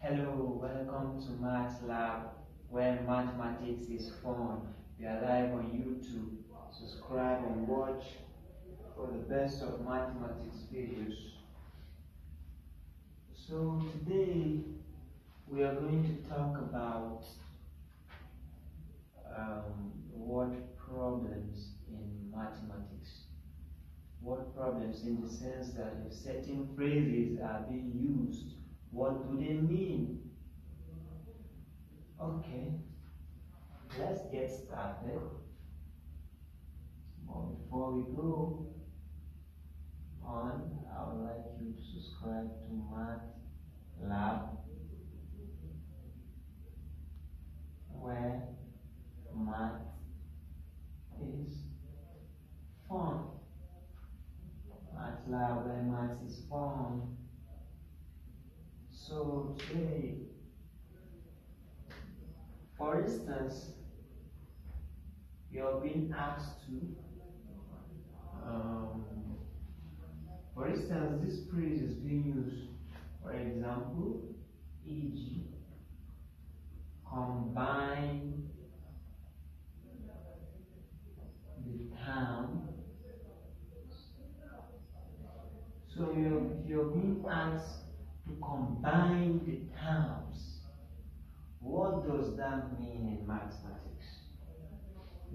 Hello, welcome to Maths Lab, where mathematics is fun. We are live on YouTube. Subscribe and watch for the best of mathematics videos. So today we are going to talk about um, problems in mathematics. What problems in the sense that if certain phrases are being used what do they mean? Okay, let's get started. But before we go on, I would like you to subscribe to Math Lab, where math is fun. Math Lab, where math is fun. So today, for instance, you're being asked to, um, for instance, this phrase is being used, for example, e.g., combine the town. So you're, you're being asked to combine the terms. What does that mean in mathematics?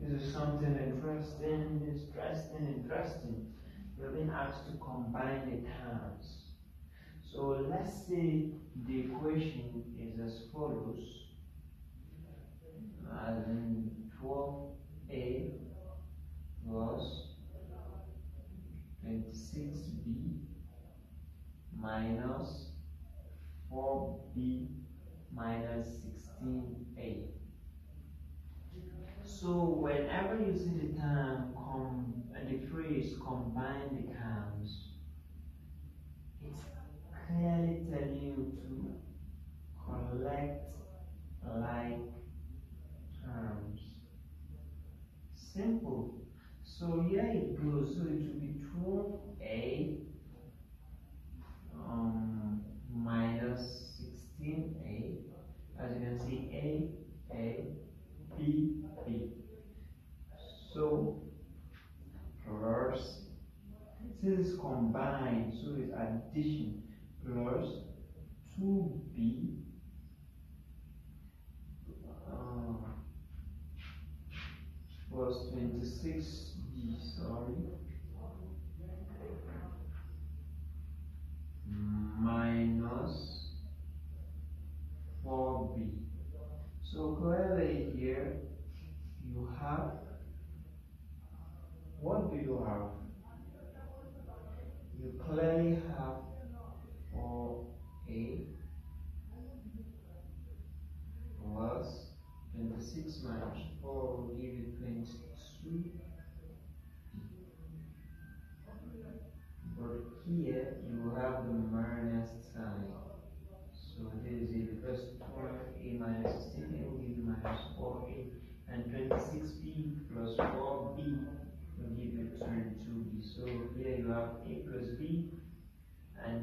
This is something interesting, interesting, interesting. We're being asked to combine the terms. So let's say the equation is as follows. As in 4b minus 16a. So whenever you see the term com uh, the phrase combine the terms, it's clearly telling you to collect like terms. Simple. So here it goes. So it should be 12a plus this is combined so it's addition plus 2b uh, plus 26b sorry minus 4b so clearly here you have what do you have? You clearly have 4a plus 26 minus 4 will give you 22. But here you have the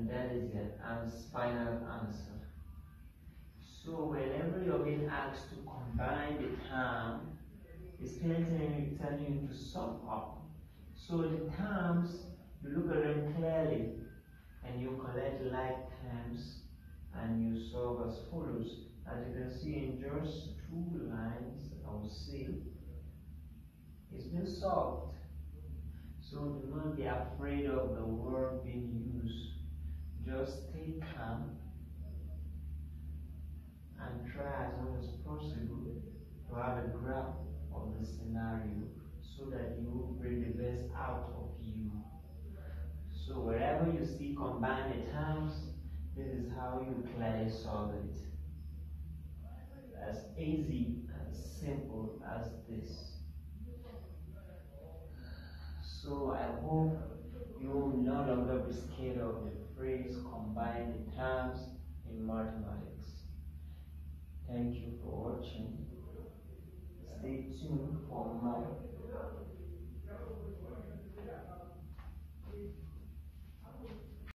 and that is the final answer. So whenever you're being asked to combine the term, it's telling you, telling you to sum up. So the terms, you look at them clearly and you collect like terms and you solve as follows. As you can see in just two lines, I will see it's been solved. So do not be afraid of the word being used just stay calm and try as much as possible to have a grasp of the scenario so that you will bring the best out of you. So wherever you see combined terms, this is how you clearly solve it. As easy and simple as this. So I hope you will no longer be scared of the phrase combined the terms in mathematics. Thank you for watching. Stay tuned for more.